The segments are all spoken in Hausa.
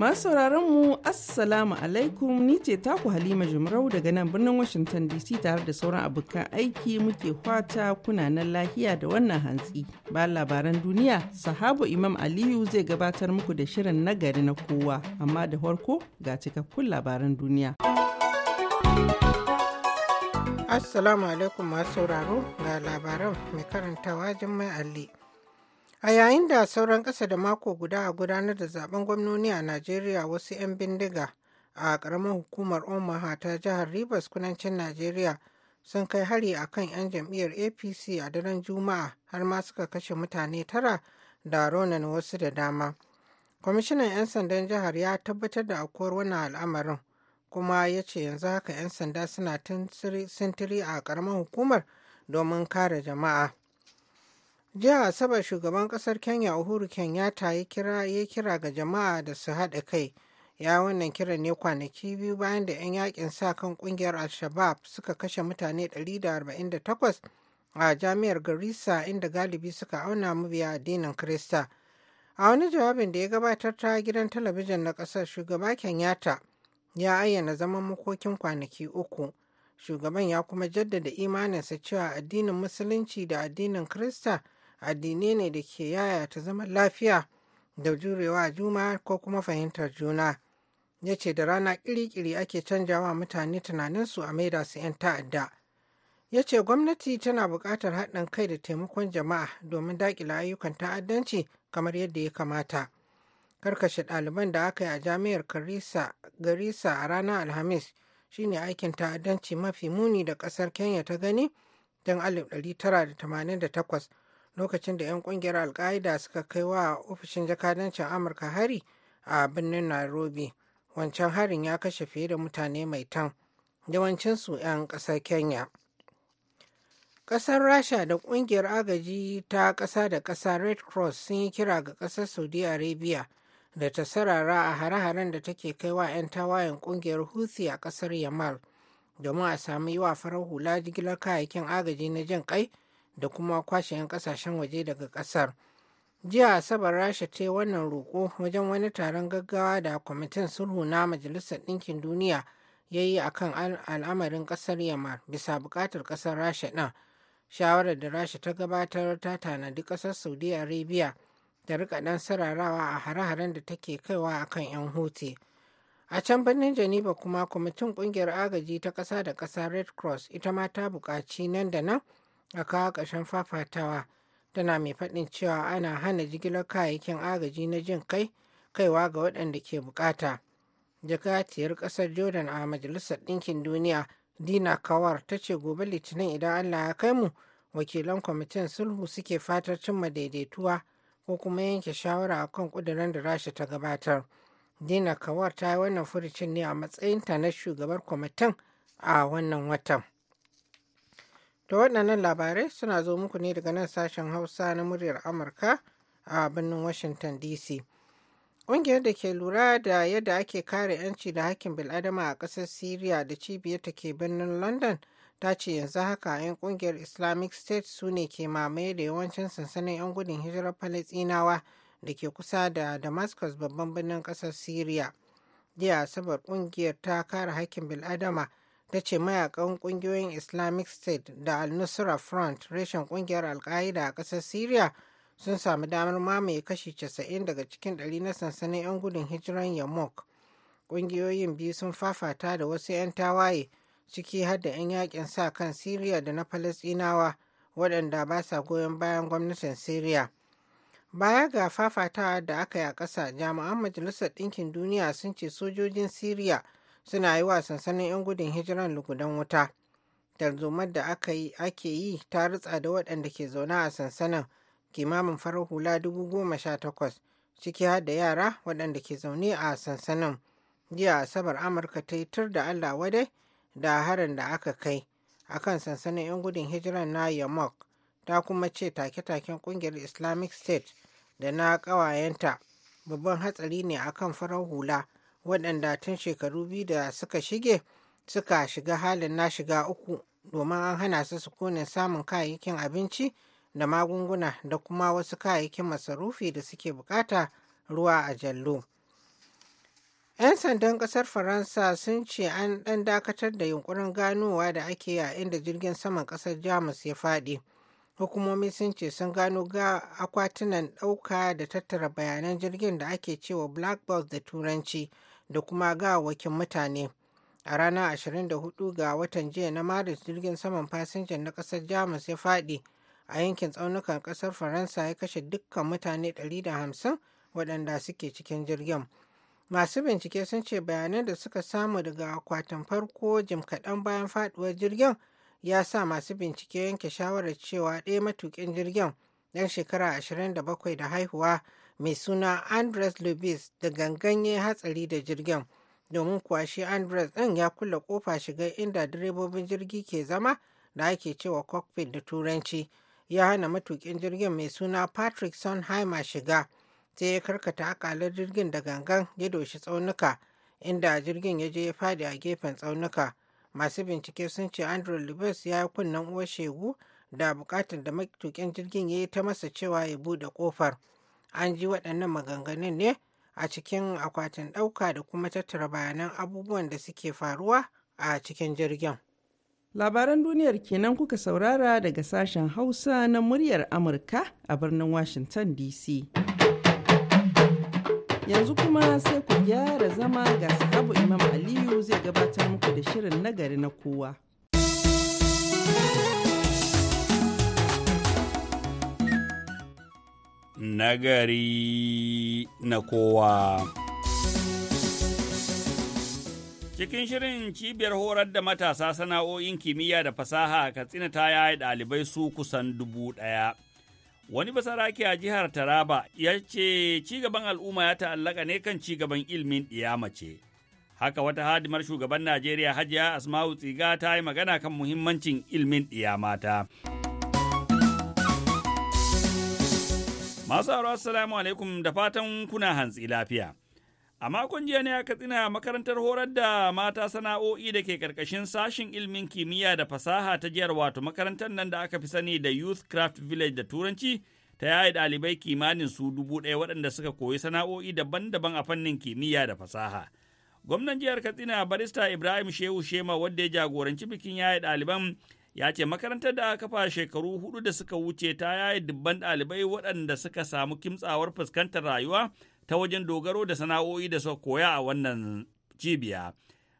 Masu sauraron mu Assalamu alaikum ni ce taku Halima Jumrau daga nan birnin Washington DC tare da sauran abokan aiki muke kwata kuna nan lahiya da wannan hantsi. Ba labaran duniya, sahabu Imam Aliyu zai gabatar muku da shirin nagari na kowa, amma da farko ga cikakkun labaran duniya. Assalamu alaikum masu sauraro ga labaran mai karantawa Jummai Ali. A yayin da sauran ƙasa da mako guda a gudanar da zaben gwamnoni a Najeriya wasu 'yan bindiga a ƙaramin hukumar Omaha ta jihar Rivers kudancin Najeriya sun kai hari a kan 'yan jam'iyyar APC a daren Juma'a har ma suka kashe mutane tara da ronan wasu da dama. Kwamishinan 'yan sandan jihar ya tabbatar da akwai wannan al'amarin kuma ya ce yanzu haka 'yan sanda suna sintiri a ƙaramin hukumar domin kare jama'a. jiya asabar shugaban kasar kenya uhuru kenyatta ya kira ya kira ga jama'a da su haɗa kai ya wannan kiran ne kwanaki biyu bayan da 'yan yakin sa kan kungiyar al-shabab suka kashe mutane 148 a jami'ar garissa inda galibi suka auna mabiya addinin krista a wani jawabin da ya gabatar ta gidan talabijin na ƙasar shugaba kenyatta ya ayyana zaman makokin kwanaki uku shugaban ya kuma jaddada imaninsa cewa addinin musulunci da addinin krista addinai ne da ke yaya ta zaman lafiya da jurewa juma ko kuma fahimtar juna ya ce da rana kiri-kiri ake canjawa mutane tunaninsu a maida su 'yan ta'adda ya ce gwamnati tana buƙatar haɗin kai da taimakon jama'a domin daƙila ayyukan ta'addanci kamar yadda ya kamata karkashe ɗaliban da aka yi a jami'ar garisa a ranar alhamis shine aikin ta'addanci mafi muni da ƙasar kenya ta gani don 1988 lokacin da 'yan kungiyar alka'ida suka kai wa ofishin jakadancin amurka hari a birnin nairobi wancan harin ya kashe fiye da mutane mai tan yawancinsu 'yan ƙasar kenya ƙasar rasha da ƙungiyar agaji ta ƙasa da ƙasa red cross sun yi kira ga ƙasar saudi arabia da ta sarara a hare-haren da take kai wa 'yan tawayen ƙungiyar houthi a ƙasar yamal domin a sami yi wa farar hula jigilar kayayyakin agaji na jin kai da kuma kwashe 'yan kasashen waje daga kasar jiya asabar rasha ta yi wannan roƙo wajen wani taron gaggawa da kwamitin sulhu na majalisar ɗinkin duniya ya yi akan al'amarin ƙasar yamar bisa buƙatar ƙasar rasha ɗin shawarar da rasha ta gabatar ta tanadi ƙasar saudi arabia da rika ɗan sararawa a hare-haren da take kaiwa a kan 'yan hoti a can birnin janiba kuma kwamitin ƙungiyar agaji ta ƙasa da ƙasa red cross ita ma ta buƙaci nan da nan a kawo ƙarshen fafatawa tana mai faɗin cewa ana hana jigilar kayayyakin agaji na jin kai kaiwa ga waɗanda ke bukata jakatiyar ƙasar jordan a majalisar ɗinkin duniya dina kawar ta ce gobe litinin idan allah ya kai mu wakilan kwamitin sulhu suke fatar cimma daidaituwa ko kuma yanke shawara a kan ƙuduran da rasha ta gabatar dina kawar ta yi wannan furucin ne a matsayinta na shugabar kwamitin a wannan watan Da waɗannan labarai suna zo muku ne daga nan sashen Hausa na muryar Amurka a birnin Washington DC. Ƙungiyar da ke lura da yadda ake kare 'yanci da hakkin bil'adama a ƙasar Syria da cibiyar ta ke birnin London ta ce yanzu haka 'yan ƙungiyar Islamic State su ne ke mamaye da yawancin sansanin 'yan gudun hijirar Falasinawa da ke kusa da Damascus babban birnin ƙasar Syria, Jiya Asabar ƙungiyar ta kare hakkin bil'adama ta ce mayakan kungiyoyin islamic state da al-nusra front reshen kungiyar al-qaida a kasar syria sun sami damar mamaye kashi 90 daga cikin 100 na sansanin 'yan gudun hijiran yamuk kungiyoyin biyu sun fafata da wasu 'yan tawaye ciki har da 'yan yakin sa kan syria da na palestinawa waɗanda ba sa goyon bayan gwamnatin syria baya ga fafatawa da aka yi a ƙasa jami'an majalisar ɗinkin duniya sun ce sojojin syria suna yi wa sansanin 'yan gudun hijiran lugudan wuta tarzomar da ake yi ta ritsa da waɗanda ke zaune a sansanin kimamin farar hula dubu goma sha takwas ciki har da yara waɗanda ke zaune a sansanin jiya asabar amurka ta yi tur da allah wadai da harin da aka kai akan sansanin 'yan gudun hijiran na yamok ta kuma ce take-taken kungiyar islamic state da na ƙawayenta babban hatsari ne akan farar hula waɗanda tun shekaru biyu da suka shige suka shiga halin na shiga uku domin an hana su sukunin samun kayayyakin abinci da magunguna da kuma wasu kayayyakin masarufi da suke bukata ruwa a jallo. 'Yan sandan kasar Faransa sun ce an ɗan dakatar da yunkurin ganowa da ake yi a inda jirgin saman ƙasar Jamus ya faɗi. Hukumomi sun ce sun gano ga akwatunan ɗauka da tattara bayanan jirgin da ake cewa Black Box da Turanci. da kuma gawakin mutane a ranar 24 ga watan jiya na maris jirgin saman fasinjan na kasar jamus ya faɗi a yankin tsaunukan kasar faransa ya kashe dukkan mutane 150 waɗanda suke cikin jirgin masu bincike sun ce bayanan da suka samu daga akwatin farko jim kaɗan bayan faɗuwar jirgin ya sa masu bincike yanke shawarar cewa ɗaya matuƙin jirgin ɗan shekara 27 da haihuwa mai suna andres lubis da gangan ya hatsari da jirgin domin kuwa shi andres ɗin ya kulle kofa shiga inda direbobin jirgi ke zama da ake cewa cockpit da turanci ya hana matukin jirgin mai suna patrick sonheimer shiga sai ya karkata akalar jirgin da gangan ya doshi tsaunuka inda jirgin ya je ya fadi a gefen tsaunuka masu bincike sun ce andrew lubis ya yi kunnen uwar shegu da bukatar da matukin jirgin ya yi ta masa cewa ya buɗe kofar. an ji waɗannan maganganun ne a cikin akwatin ɗauka da kuma tattara bayanan abubuwan da suke faruwa a cikin jirgin. Labaran duniyar kenan kuka saurara daga sashen Hausa na muryar Amurka a birnin Washington DC. Yanzu kuma sai ku gyara zama ga sahabu Imam Aliyu zai gabatar muku da shirin nagari na kowa. nagari na kowa. Cikin shirin cibiyar horar da matasa sana'o'in kimiyya da fasaha Katsina ta yaya ɗalibai su kusan dubu ɗaya. Wani basaraki a jihar Taraba ya ce cigaban al'umma ya ta'allaka ne kan cigaban ilimin mace. Haka wata hadimar shugaban Najeriya Hajiya Asma'u Tsiga ta yi magana kan muhimmancin ilmin ɗiya mata. Masu haro assalamu alaikum da fatan kuna hantsi lafiya. A makon jiya ne aka tsina makarantar horar da mata sana'o'i da ke karkashin sashin ilmin kimiyya da fasaha ta jihar wato makarantar nan da aka fi sani da Youth Craft Village da Turanci ta yayi ɗalibai kimanin su dubu ɗaya waɗanda suka koyi sana'o'i daban-daban a fannin kimiyya da fasaha. Gwamnan jihar Katsina barista Ibrahim Shehu Shema wadda ya jagoranci bikin yayi ɗaliban ya ce makarantar da aka kafa shekaru hudu da suka wuce ta yaye dubban ɗalibai waɗanda suka samu kimtsawar fuskantar rayuwa ta wajen dogaro da sana'o'i da suka koya a wannan cibiya.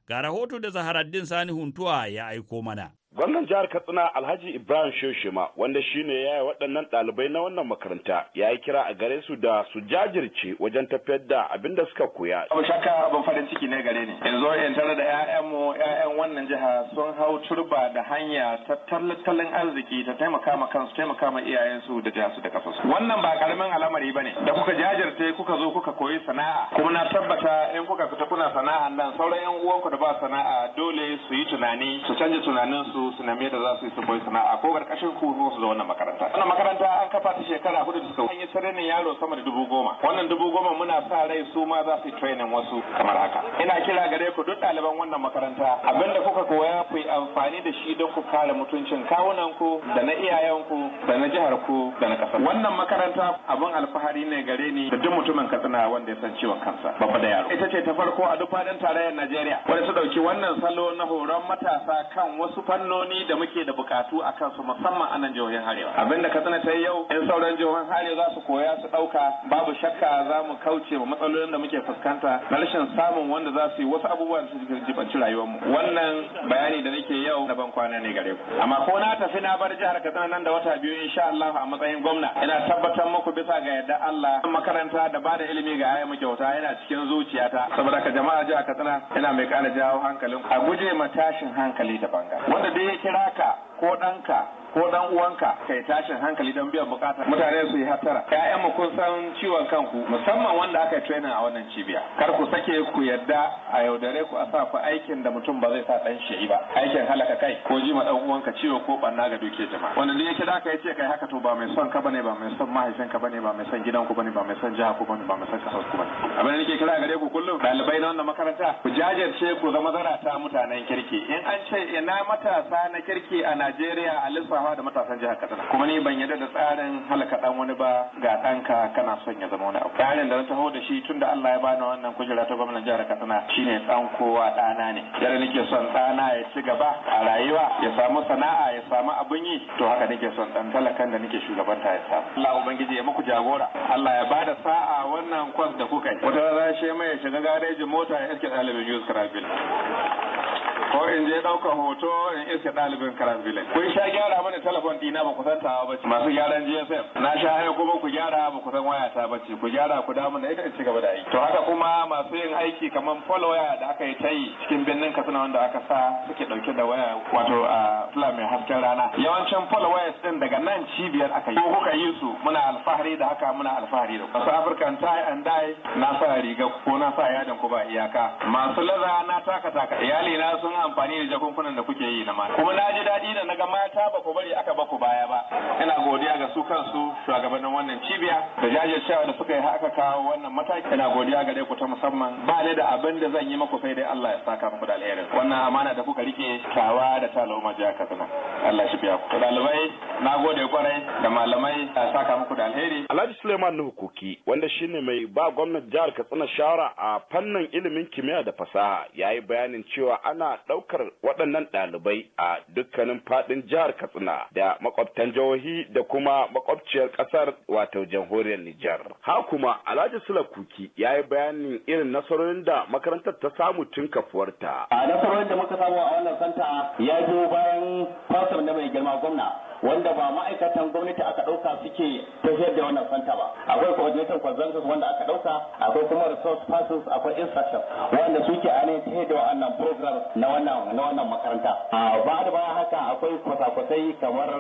Ga rahoto da Zaharaddin Sani Huntuwa ya aiko mana. Gwamnan jihar Katsina Alhaji Ibrahim Shoshima wanda shine ya yi waɗannan ɗalibai na wannan makaranta ya yi kira a gare su da su jajirce wajen tafiyar da abin da suka koya. Abu shakka abin farin ciki ne gare ni. Yanzu in tare da 'ya'yanmu 'ya'yan wannan jiha sun hau turba da hanya ta tattalin arziki ta taimaka ma kansu taimaka ma iyayensu da su da su. Wannan ba karamin al'amari ba ne. Da kuka jajirce kuka zo kuka koyi sana'a kuma na tabbata in kuka fita kuna sana'a nan sauran 'yan uwanku da ba sana'a dole su yi tunani su canja tunaninsu su su da za su yi su bai sana'a ko karkashin ku su zo wannan makaranta wannan makaranta an kafa ta shekara hudu da suka an yi training yaro sama da dubu goma wannan dubu goma muna sa rai su ma za su yi training wasu kamar haka ina kira gare ku duk ɗaliban wannan makaranta abinda kuka koya ku yi amfani da shi don ku kare mutuncin kawunan ku da na iyayen ku da na jihar ku da na ƙasar wannan makaranta abin alfahari ne gare ni da duk mutumin katsina wanda ya san ciwon kansa babba da yaro ita ce ta farko a duk faɗin tarayyar Najeriya wanda su ɗauki wannan salo na horon matasa kan wasu fannin fannoni da muke da bukatu a kansu musamman a nan jihohin Abin Abinda ka sani sai yau in sauran jihohin harewa za su koya su ɗauka babu shakka za mu kauce wa matsalolin da muke fuskanta na rashin samun wanda za su yi wasu abubuwa da su jibanci rayuwarmu. Wannan bayani da nake yau na ban kwana ne gare ku. Amma ko na tafi na bar jihar Katsina nan da wata biyu insha Allah a matsayin gwamna ina tabbatar muku bisa ga yadda Allah makaranta da ba da ilimi ga ayyuka kyauta yana cikin zuciyata saboda ka jama'a jihar Katsina ina mai kana jawo hankalin a guje ma tashin hankali da banga. Wanda e ya kira ka ko ɗanka ko dan uwanka kai tashin hankali don biyan bukatar mutane su yi hatara ƴaƴanmu kun san ciwon kanku musamman wanda aka yi training a wannan cibiya kar ku sake ku yadda a yaudare ku a sa ku aikin da mutum ba zai sa dan shi ba aikin halaka kai ko ji ma dan uwanka ciwo ko barna ga duke jama'a wanda duk yake da aka yace kai haka to ba mai son ka bane ba mai son mahaifinka bane ba mai son ku bane ba mai son jaha ku bane ba mai son kasar ku bane abin da nake kira gare ku kullum ɗalibai na wannan makaranta ku jajirce ku zama zarata mutanen kirki in an ce ina matasa na kirki a Najeriya a lissa tunawa da matasan jihar Katsina kuma ni ban yarda da tsarin halaka dan wani ba ga ɗanka kana son ya zama wani abu tsarin da na taho da shi tunda Allah ya bani wannan kujera ta gwamnan jihar Katsina shine dan kowa ɗana ne yadda nake son ɗana ya ci gaba a rayuwa ya samu sana'a ya samu abun yi to haka nake son ɗan talakan da nake shugabanta ya samu Allah ubangiji ya muku jagora Allah ya bada sa'a wannan kwas da kuka yi wata rana shi mai shiga garejin mota ya iske ɗalibin Yusuf Rabil ko in je ɗaukar hoto in iske ɗalibin karan village kun sha gyara mana telefon dina ba ku san tawa ba masu gyaran GSM na sha haya kuma ku gyara ba ku san waya ta ce. ku gyara ku damu da ita in ci gaba da aiki to haka kuma masu yin aiki kamar follow waya da aka yi ta yi cikin birnin Katsina wanda aka sa suke ɗauke da waya wato a fila mai hasken rana yawancin follow wires din daga nan cibiyar aka yi ko kuka yi su muna alfahari da haka muna alfahari da masu African tie and dye na sa riga ko na sa yadin ko ba iyaka masu laza na taka taka iyali na sun amfani da jakunkunan da kuke yi na mata kuma na ji daɗi da naga mata ba ku bari aka ba ku baya ba ina godiya ga su kansu shugabannin wannan cibiya da jajircewa da suka yi haka kawo wannan mataki ina godiya dai ku ta musamman ba ni da abin da zan yi maku sai dai Allah ya saka muku da alherin wannan amana da kuka rike kyawa da ta al'umma jiya Katsina Allah shi biya ku dalibai, na gode kwarai da malamai ya saka muku da alheri Alhaji Suleiman Nuhu Kuki wanda shine mai ba gwamnati jihar Katsina shawara a fannin ilimin kimiyya da fasaha yayi bayanin cewa ana ɗaukar waɗannan ɗalibai a dukkanin faɗin jihar Katsina da makwabtan jihohi da kuma makwabciyar ƙasar wato jamhuriyar Nijar. Ha kuma Alhaji Sula Kuki ya yi bayanin irin nasarorin da makarantar ta samu tun kafuwarta. A nasarorin da muka samu a wannan santa ya zo bayan fasar da mai girma gwamna wanda ba ma'aikatan gwamnati aka ɗauka suke tafiyar da wannan fanta ba akwai coordinator consensus wanda aka ɗauka akwai kuma resource persons akwai instruction wanda suke ainihin tafiyar da wannan program na wannan na wannan makaranta ba da bayan haka akwai kwasa-kwasai kamar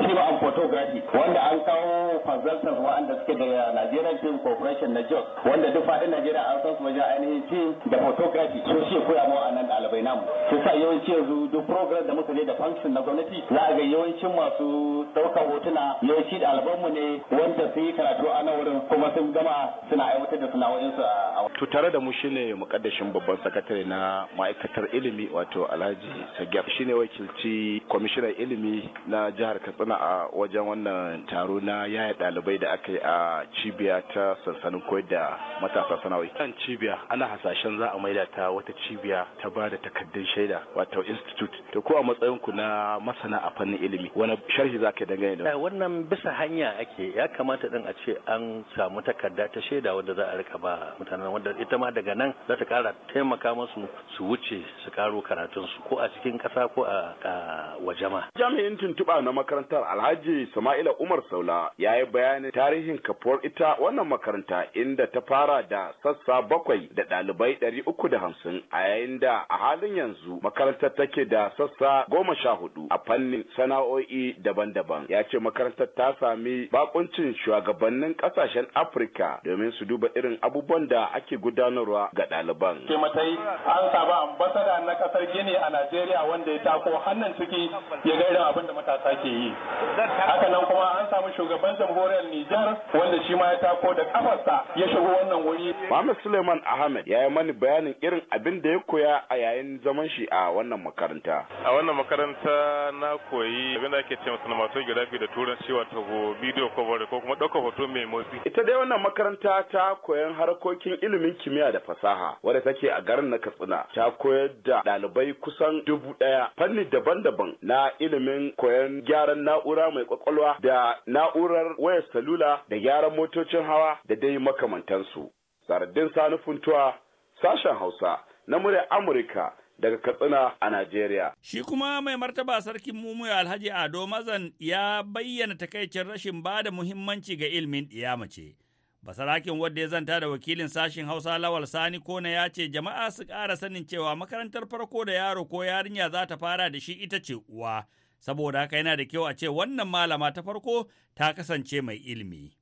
film and photography wanda an kawo consultants wanda suke da Nigerian Film Corporation na Jos wanda duk faɗin Najeriya an san su wajen ainihin film da photography so shi koya mu a nan ɗalibai namu sai sa yawanci yanzu duk program da muka je da function na gwamnati za a ga yawanci yawancin masu ɗaukar hotuna yawanci da mu ne wanda su yi karatu a nan wurin kuma sun gama suna aiwatar da sana'o'insu a To tare da mu shine mukaddashin babban sakatare na ma'aikatar ilimi wato Alhaji shi shine wakilci kwamishinan ilimi na jihar Katsina a wajen wannan taro na yaya ɗalibai da aka yi a cibiya ta sansanin koyar da matasa sana'o'i. Kan cibiya ana hasashen za a maida ta wata cibiya ta ba da takardun shaida wato institute. To ko a matsayin ku na masana a fannin ilimi wani sharhi za ka dangane da eh, wannan bisa hanya ake ya kamata din a ce an samu takarda ta shaida wanda za a rika ba mutanen wanda ita ma daga nan za ta kara taimaka musu su wuce su karo karatun su ko a cikin kasa ko a waje ma jami'in tuntuɓa na makarantar alhaji sama'ila umar saula ya yi bayanin tarihin kafuwar ita wannan makaranta inda ta fara da sassa bakwai da ɗalibai ɗari uku da hamsin a yayin da a halin yanzu makarantar take da sassa goma sha hudu a fannin sana'o'i nau'i daban-daban ya ce makarantar ta sami bakuncin shugabannin kasashen afirka domin su duba irin abubuwan da ake gudanarwa ga ɗaliban. ke matai an saba ambasada na kasar gini a najeriya wanda ya tako hannun ciki ya ga abin da matasa ke yi haka nan kuma an samu shugaban jamhuriyar nijar wanda shi ma ya tako da kafarsa ya shigo wannan wuri. Muhammad Suleiman Ahmed ya yi mani bayanin irin abin da ya koya a yayin zaman shi a wannan makaranta. A wannan makaranta na koyi abin da ake masu cinematography da turanci wato video cover ko kuma ɗaukar hoto mai motsi. Ita dai wannan makaranta ta koyan harkokin ilimin kimiyya da fasaha wadda take a garin na Katsina ta koyar da ɗalibai kusan dubu ɗaya fanni daban-daban na ilimin koyan gyaran na'ura mai kwakwalwa da na'urar wayar salula da gyaran motocin hawa da dai makamantansu. Sardin Sani Funtuwa sashen Hausa na murya Amurka daga Katsina a Najeriya. Shi kuma mai martaba sarkin mumuya Alhaji Ado Mazan ya bayyana takaicin rashin ba da muhimmanci ga ilimin mace. Basarakin wadda ya zanta da wakilin Sashen Hausa Lawal Sani Kona ya ce jama'a su ƙara sanin cewa makarantar farko da yaro ko yarinya za ta fara da shi ita ce uwa. Saboda haka yana da kyau a ce wannan malama ta farko ta kasance mai ilimi.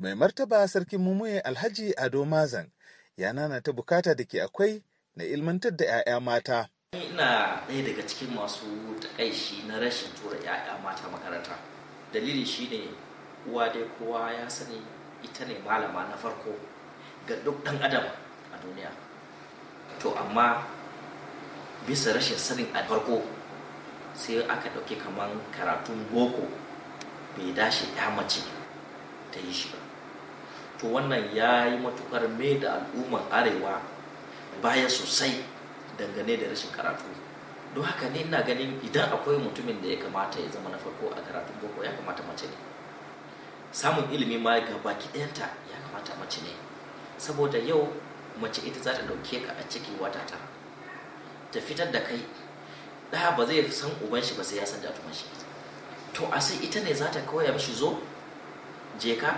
Mai martaba sarkin mumuye Alhaji Ado Mazan ya nana ta bukata da ke akwai na ilmantar da 'ya'ya mata. Ina ɗaya daga cikin masu takaici na rashin tura 'ya'ya mata makaranta. Dalili shine uwa dai kowa ya sani ita ne malama na farko ga duk ɗan adam a duniya. To amma bisa rashin sanin a farko sai aka ɗauki kamar karatun boko bai dashi ya mace ta yi shi ba. to wannan ya yi matukar mai da al'umman arewa baya sosai dangane da rashin karatu don haka ne ina ganin idan akwai mutumin da ya kamata ya zama na farko a karatun boko ya kamata mace ne samun ilimi ma ga baki ɗayanta ya kamata mace ne saboda yau mace ita za ta ɗauke ka a ciki wata ta ta fitar da kai ɗaya ba zai san uban shi ba sai ya san da shi to a sai ita ne za ta koya mishi zo Jeka,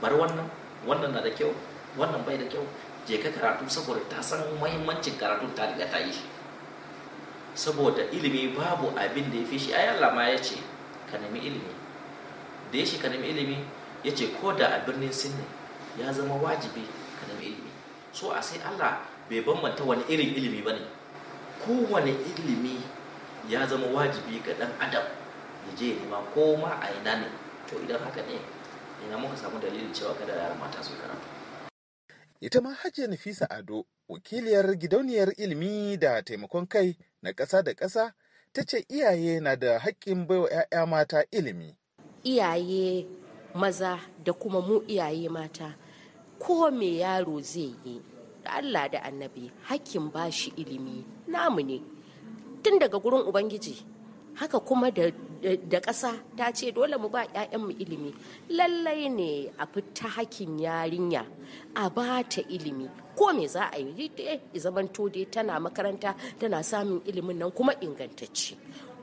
bar wannan wannan na da kyau wannan bai da kyau je ka karatu saboda ta san muhimmancin karatun ta riga ta yi shi saboda ilimi babu abin da ya fi shi ayi Allah ma ya ce ka nemi ilimi da ya shi ka nemi ilimi ya ce ko da a birnin sinne ya zama wajibi ka nemi ilimi so a sai Allah bai bambanta wani irin ilimi ba ne kowane ilimi ya zama wajibi ga dan adam ya je nema ko ma a ina ne to idan haka ne ina muka samu dalilin cewa kada yara mata su karatu ita ma hajiya nafisa ado wakiliyar gidauniyar ilimi da taimakon kai na ƙasa da ƙasa ta ce iyaye na da haƙƙin baiwa 'ya'ya mata ilimi iyaye maza da kuma mu iyaye mata ko me yaro zai yi da allah da annabi hakkin bashi ilimi namu ne tun daga gurin ubangiji haka kuma da da ƙasa ta ce dole mu ba mu ilimi lallai ne a fita hakin yarinya a ba ta ilimi ko me za a yi dai zamanto dai tana makaranta tana samun ilimin nan kuma ingantacce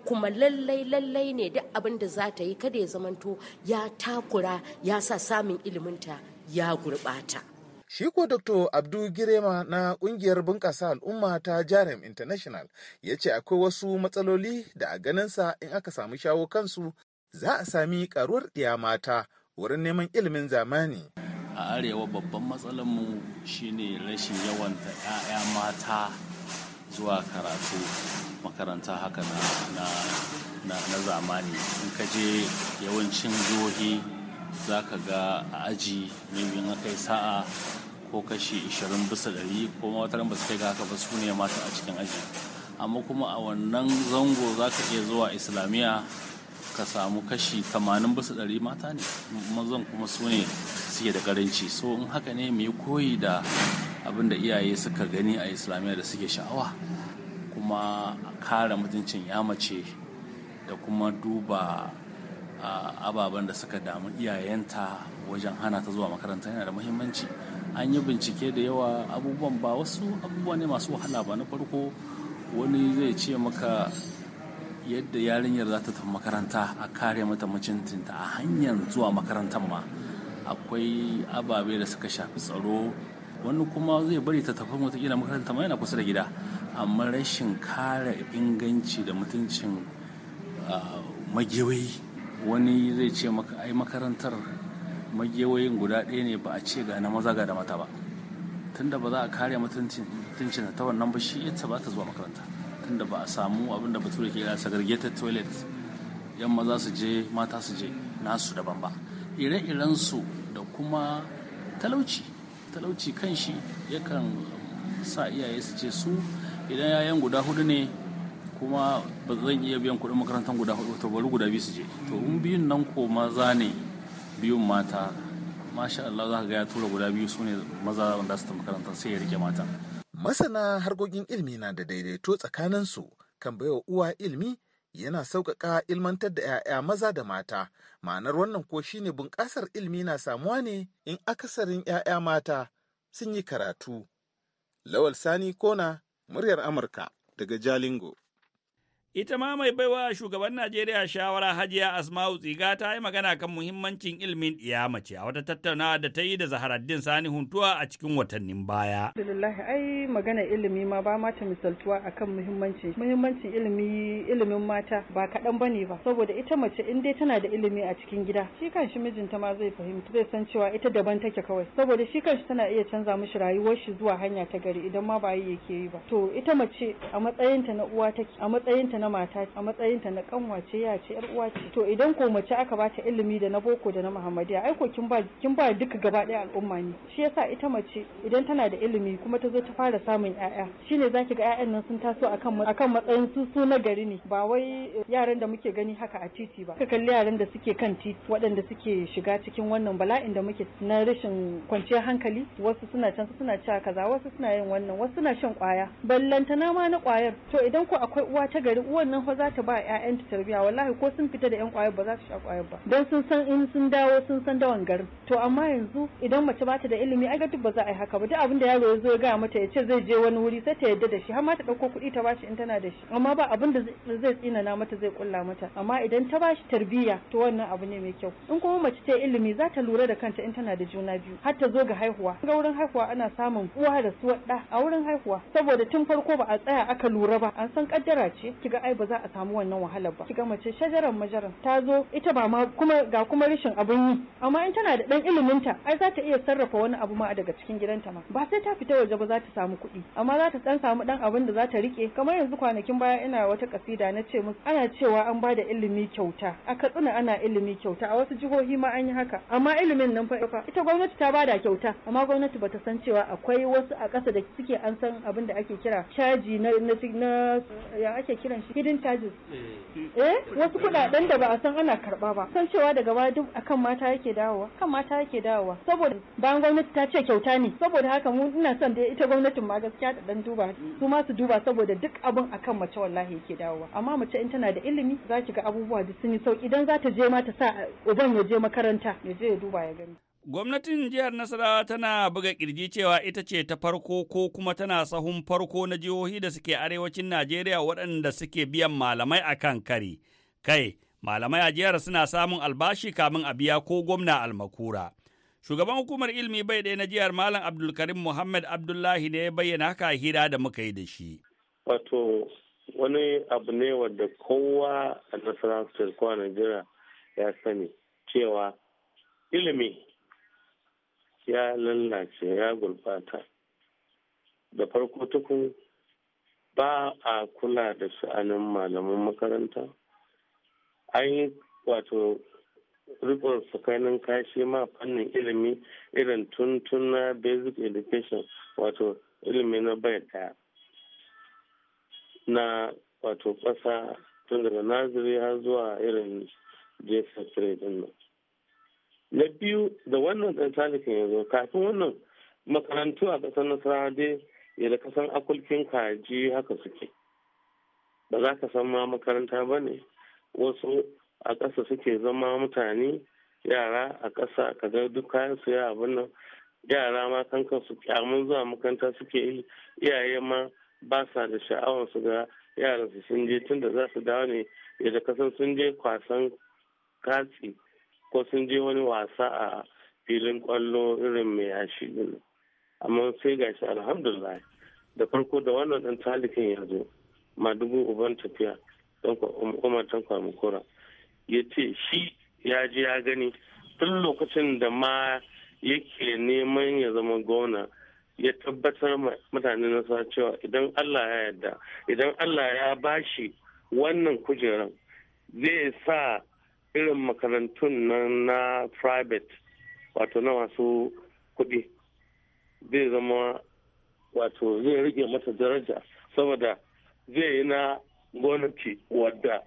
kuma lallai lallai ne duk abin da za ta yi kada ya zamanto ya takura ya sa samun iliminta ya gurɓata Shi ko Dr. Abdu Girema na kungiyar bunƙasa al'umma ta Jarem International ya ce akwai wasu matsaloli da a ganinsa in aka samu shawo kansu za a sami ƙaruwar ɗiya mata wurin neman ilimin zamani. A arewa babban shi shine rashin yawan ta 'ya'ya mata zuwa karatu makaranta haka na, na, zamani. In ka je yawancin jihohi za ka ga a aji mai aka sa'a ko kashi 20 bisa ɗari ko wataran ba su kai ga haka ba su ne mata a cikin aji amma kuma a wannan zango za ka iya zuwa islamiyya ka samu kashi 80 bisa ɗari mata ne mazan kuma su ne suke da karanci so in haka ne mai koyi da abin da iyaye suka gani a islamiyya da suke sha'awa kuma kare mutuncin ya mace da kuma duba ah, ababen da suka damu iyayenta wajen hana ta zuwa makaranta yana da muhimmanci an yi bincike da yawa abubuwan ba wasu abubuwa ne masu wahala ba na farko wani zai ce maka yadda yarinyar za ta tafi makaranta a kare mata mutuntinta a hanyar zuwa makarantar ma akwai ababe da suka shafi tsaro wani kuma zai bari ta tafi gina makaranta ma yana kusa da gida amma rashin kare inganci da mutuncin ah, magewai wani zai ce maka ai makarantar magewayin guda ɗaya ne ba a ce ga na maza ga da mata ba tunda ba za a kare mutuncin ta wannan ba shi ita ba ta zuwa makaranta tunda ba a samu abin da bature ke kira segregated toilet yan maza su je mata su je nasu daban ba ire-iren su da kuma talauci talauci kan shi yakan sa iyaye su ce su idan yayan guda hudu ne kuma ba zan iya biyan kuɗin makarantar guda hudu to bari guda biyu su je to in biyun nan ko maza ne biyun mata masha Allah za ka ga ya tura guda biyu su ne maza wanda su makaranta sai ya rike mata masana harkokin ilimi na da daidaito tsakanin su kan baiwa uwa ilimi yana sauƙaƙa ilmantar da 'ya'ya maza da mata ma'anar wannan ko shine bunƙasar ilimi na samuwa ne in akasarin 'ya'ya mata sun yi karatu lawal sani kona muryar amurka daga jalingo Ita ma mai baiwa shugaban Najeriya shawara Hajiya Asma'u Tsiga ta yi magana kan muhimmancin ilimin mace a wata tattaunawa da ta yi da Zaharaddin Sani Huntuwa a cikin watannin baya. Alhamdulillah ai magana ilimi ma ba ma ta misaltuwa akan muhimmanci. Muhimmancin ilimi ilimin mata ba kaɗan bane ba saboda ita mace in dai tana da ilimi a cikin gida shi kanshi mijinta ma zai fahimta zai san cewa ita daban take kawai saboda shi kanshi tana iya canza mishi rayuwar shi zuwa hanya ta gari idan ma ba yi yake yi ba. To ita mace a matsayinta na uwa take a matsayinta na mata a matsayinta na kanwace ya ce yar uwa ce to idan ko mace aka bata ilimi da na boko da na muhammadiya ai ko kin ba kin ba duka gaba daya al'umma ne shi yasa ita mace idan tana da ilimi kuma ta zo ta fara samun ƴaƴa shine zaki ga 'ya'yan nan sun taso akan akan matsayin su su na gari ne ba wai yaran da muke gani haka a titi ba ka kalli yaran da suke kan titi waɗanda suke shiga cikin wannan bala'in da muke na rashin kwanciyar hankali wasu suna can suna cewa kaza wasu suna yin wannan wasu suna shan kwaya ballantana ma na kwayar to idan ko akwai uwa ta gari uwan fa za ta ba ƴaƴan ta tarbiya wallahi ko sun fita da yan ƙwayar ba za su sha ƙwayar ba don sun san in sun dawo sun san dawan garin to amma yanzu idan mace ba ta da ilimi ai duk ba za a yi haka ba duk abin da yaro ya zo ya gaya mata ya ce zai je wani wuri sai ta yadda da shi har ma ta ɗauko kuɗi ta bashi in tana da shi amma ba abin da zai tsinana mata zai kulla mata amma idan ta bashi tarbiya to wannan abu ne mai kyau in kuma mace ta ilimi za ta lura da kanta in tana da juna biyu har ta zo ga haihuwa ga wurin haihuwa ana samun uwa da suwar da a wurin haihuwa saboda tun farko ba a tsaya aka lura ba an san kaddara ce kiga ai ba za a samu wannan wahalar ba kiga mace shajaran majaran ta zo ita ba ma kuma ga kuma rashin abun yi amma in tana da dan ilimin ta ai za ta iya sarrafa wani abu ma daga cikin gidanta ma ba sai ta fita waje ba za ta samu kuɗi amma za ta dan samu dan abin da za ta rike kamar yanzu kwanakin baya ina wata kasida na ce musu ana cewa an ba da ilimi kyauta a katsina ana ilimi kyauta a wasu jihohi ma an yi haka amma ilimin nan fa ita gwamnati ta bada kyauta amma gwamnati bata san cewa akwai wasu a ƙasa da suke an san abin da ake kira caji na ya ake kiran shi hidden charges eh, eh wasu kudaden da ba a san ana karba ba san cewa daga baya duk akan mata yake dawowa kan mata yake dawowa saboda bayan gwamnati ta ce kyauta ne saboda haka mu ina son da ita gwamnatin ma gaskiya da dan duba su ma su duba saboda duk abun akan mace wallahi yake dawowa amma mace in tana da ilimi za ki ga abubuwa da sun yi sauki idan za ta je ma ta sa uban ya je makaranta ya je ya duba ya gani Gwamnatin jihar Nasarawa tana buga kirji cewa ita ce ta farko ko kuma tana sahun farko na jihohi da suke arewacin Najeriya waɗanda suke biyan malamai a kan kari. Kai, malamai a jihar suna samun albashi kamin a biya ko gwamna almakura. Shugaban hukumar ilmi bai ɗaya na jihar Malam Abdulkarim Muhammad Abdullahi ne ya bayyana haka hira da muka yi da shi. Wato wani abu ne wadda kowa a Nasarawa State Najeriya ya sani cewa ilimi ya lallace ya gurfata da farko tukun ba a kula da sha'anin malaman makaranta an yi wato rikon tsakanin kashi ma fannin ilimi irin tuntun na basic education wato ilimi na bai daya na wato ƙasa tun daga naziri har zuwa irin jesa trade nan na biyu da wannan ɗan talifin ya kafin wannan makarantu a ƙasar nasarawa dai ya da kasan akulkin kaji haka suke ba za ka san ma makaranta ba ne wasu a ƙasa suke zama mutane yara a ƙasa ka ga duk kayan su ya abin nan yara ma kankan su kyamun zuwa makaranta suke yi iyaye ma ba sa da sha'awar su ga yaran su sun je tun za su dawo ne ya da kasan sun je kwasan katsi ko sun je wani wasa a filin kwallo irin mai yashi din amma sai gashi alhamdulillah da farko da wannan dan talikin ya zo ma dubu uban tafiya don um, umar tan kura ya ce shi ya ji ya gani tun lokacin da ma yake neman ya zama gona ya tabbatar mutane sa cewa idan allah ya yarda idan allah ya bashi wannan kujeran zai sa irin makarantun nan na private wato na masu kuɗi zai zama wato zai rage mata daraja saboda zai yi na gwamnati wadda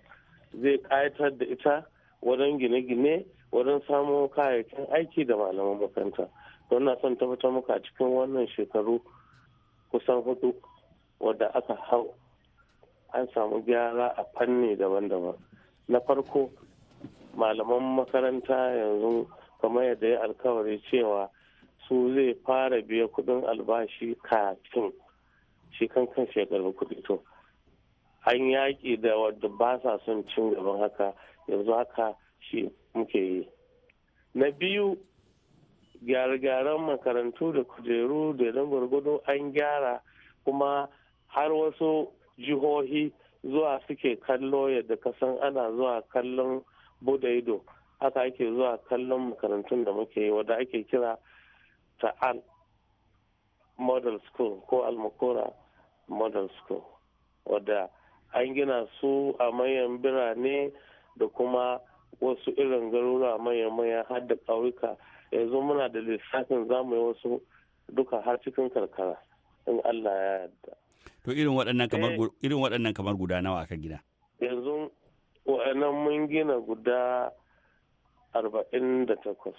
zai ƙayatar da ita wajen gine-gine wajen samo kayayyakin aiki da malaman makaranta don na son tabbatar muka cikin wannan shekaru kusan hudu wadda aka hau an samu gyara a fanni daban-daban na farko malaman makaranta yanzu kamar yadda ya alkawari cewa su zai fara biya kudin albashi kafin shi kan kan kudi to an yaƙi da wadda ba sa son cin gaban haka yanzu haka shi muke yi na biyu gyare-gyaren makarantu da kujeru da don gwargwado an gyara kuma har wasu jihohi zuwa suke kallo yadda kasan ana zuwa kallon bude ido haka ake zuwa kallon makarantun da muke yi wadda ake kira ta al model school ko almakora model school wadda an gina su a manyan birane da kuma wasu irin garuruwa manyan manyan har da ƙauyuka yanzu muna da lissafin zamu yi wasu duka har cikin karkara in Allah ya yarda. To irin waɗannan kamar eh. guda nawa aka gina? Yanzu wa'annan mun gina guda arba'in da takwas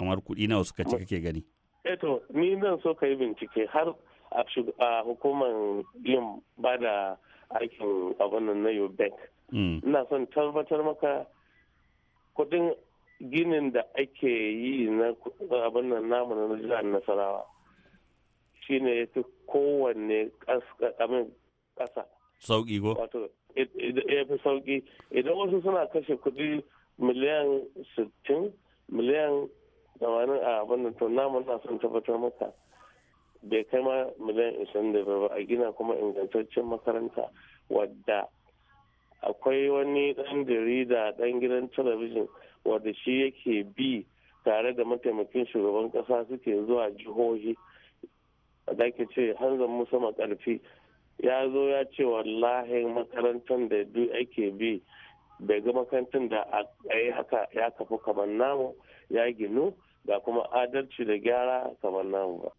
kamar kuɗi nawa suka ci kake gani eto eh ni nan so ka yi bincike har a hukumar yin ba da aikin abin na bank mm. ina son tabbatar maka kudin ginin da ake yi na abin nan namu na jihar nasarawa shine ya fi kowanne ƙasa sauƙi ko wato ya fi sauki idan wasu suna kashe kuɗi miliyan 60 miliyan 80 a abin da tona namun sun tabbatar maka bai kai ma miliyan 25 ba a gina kuma ingantaccen makaranta wadda akwai wani ɗan jarida ɗan gidan talabijin wadda shi yake bi tare da mataimakin shugaban ƙasa suke zuwa jihohi da ke ce hanzan musamman karfi ya zo ya ce wallahi makarantar da duk ake bi bai ga makarantar da a yi haka ya kafu kamar namu ya ginu ga kuma adalci da gyara kamar namu ba.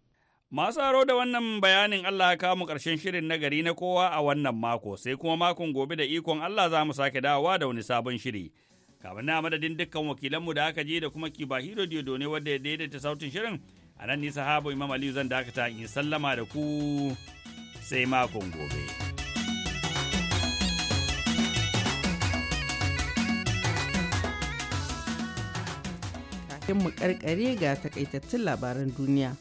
Masu aro da wannan bayanin Allah ya kawo karshen ƙarshen shirin na gari na kowa a wannan mako sai kuma makon gobe da ikon Allah za mu sake dawowa da wani sabon shiri. Kafin na madadin dukkan wakilanmu da aka je da kuma Kiba rodiyo ne wadda ya daidaita sautin shirin a nan nisa habu Imam Aliyu zan dakata in sallama da ku sai makon gobe. Kafin mu karkare ga takaitattun labaran duniya.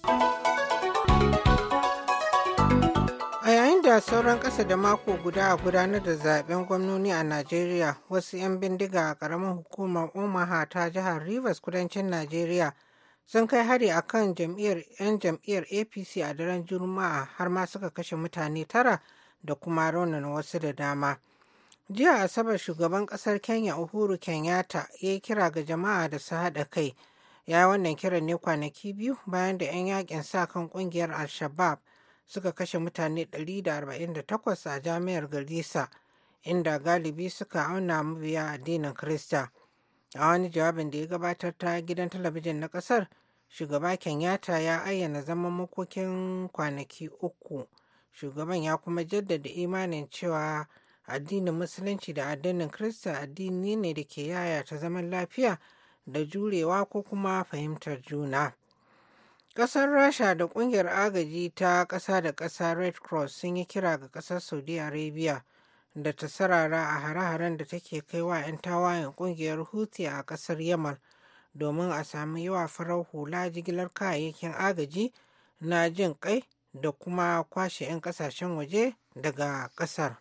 A yayin da sauran ƙasa da mako guda a gudanar da zaben gwamnoni a Najeriya, wasu 'yan bindiga a ƙaramin hukumar Omaha ta jihar Rivers kudancin Najeriya. sun kai hari a kan jam'iyyar 'yan jam'iyyar apc a daren juma'a har ma suka kashe mutane tara da kuma raunin wasu da dama jiya asabar shugaban kasar kenya uhuru kenyatta ya yi kira ga jama'a da su haɗa kai ya yi wannan kiran ne kwanaki biyu bayan da 'yan yakin sa kan kungiyar al-shabab suka kashe mutane 148 a jami'ar garissa inda galibi suka auna mabiya addinin krista a wani jawabin da ya gabatar ta gidan talabijin na kasar shugaba kenyatta ya ayyana zaman makokin kwanaki uku shugaban ya kuma jaddada imanin cewa addinin musulunci da addinin krista addini ne da ke yaya ta zaman lafiya da jurewa ko kuma fahimtar juna Ƙasar Rasha da ƙungiyar agaji ta ƙasa da ƙasa Red Cross sun yi kira ga ƙasar Saudi Arabia da ta sarara a hare-haren da take kai wa 'yan tawayen kungiyar huti a kasar Yamal domin a sami yawa farar hula jigilar kayayyakin agaji na jin kai da kuma kwashe 'yan kasashen waje daga kasar.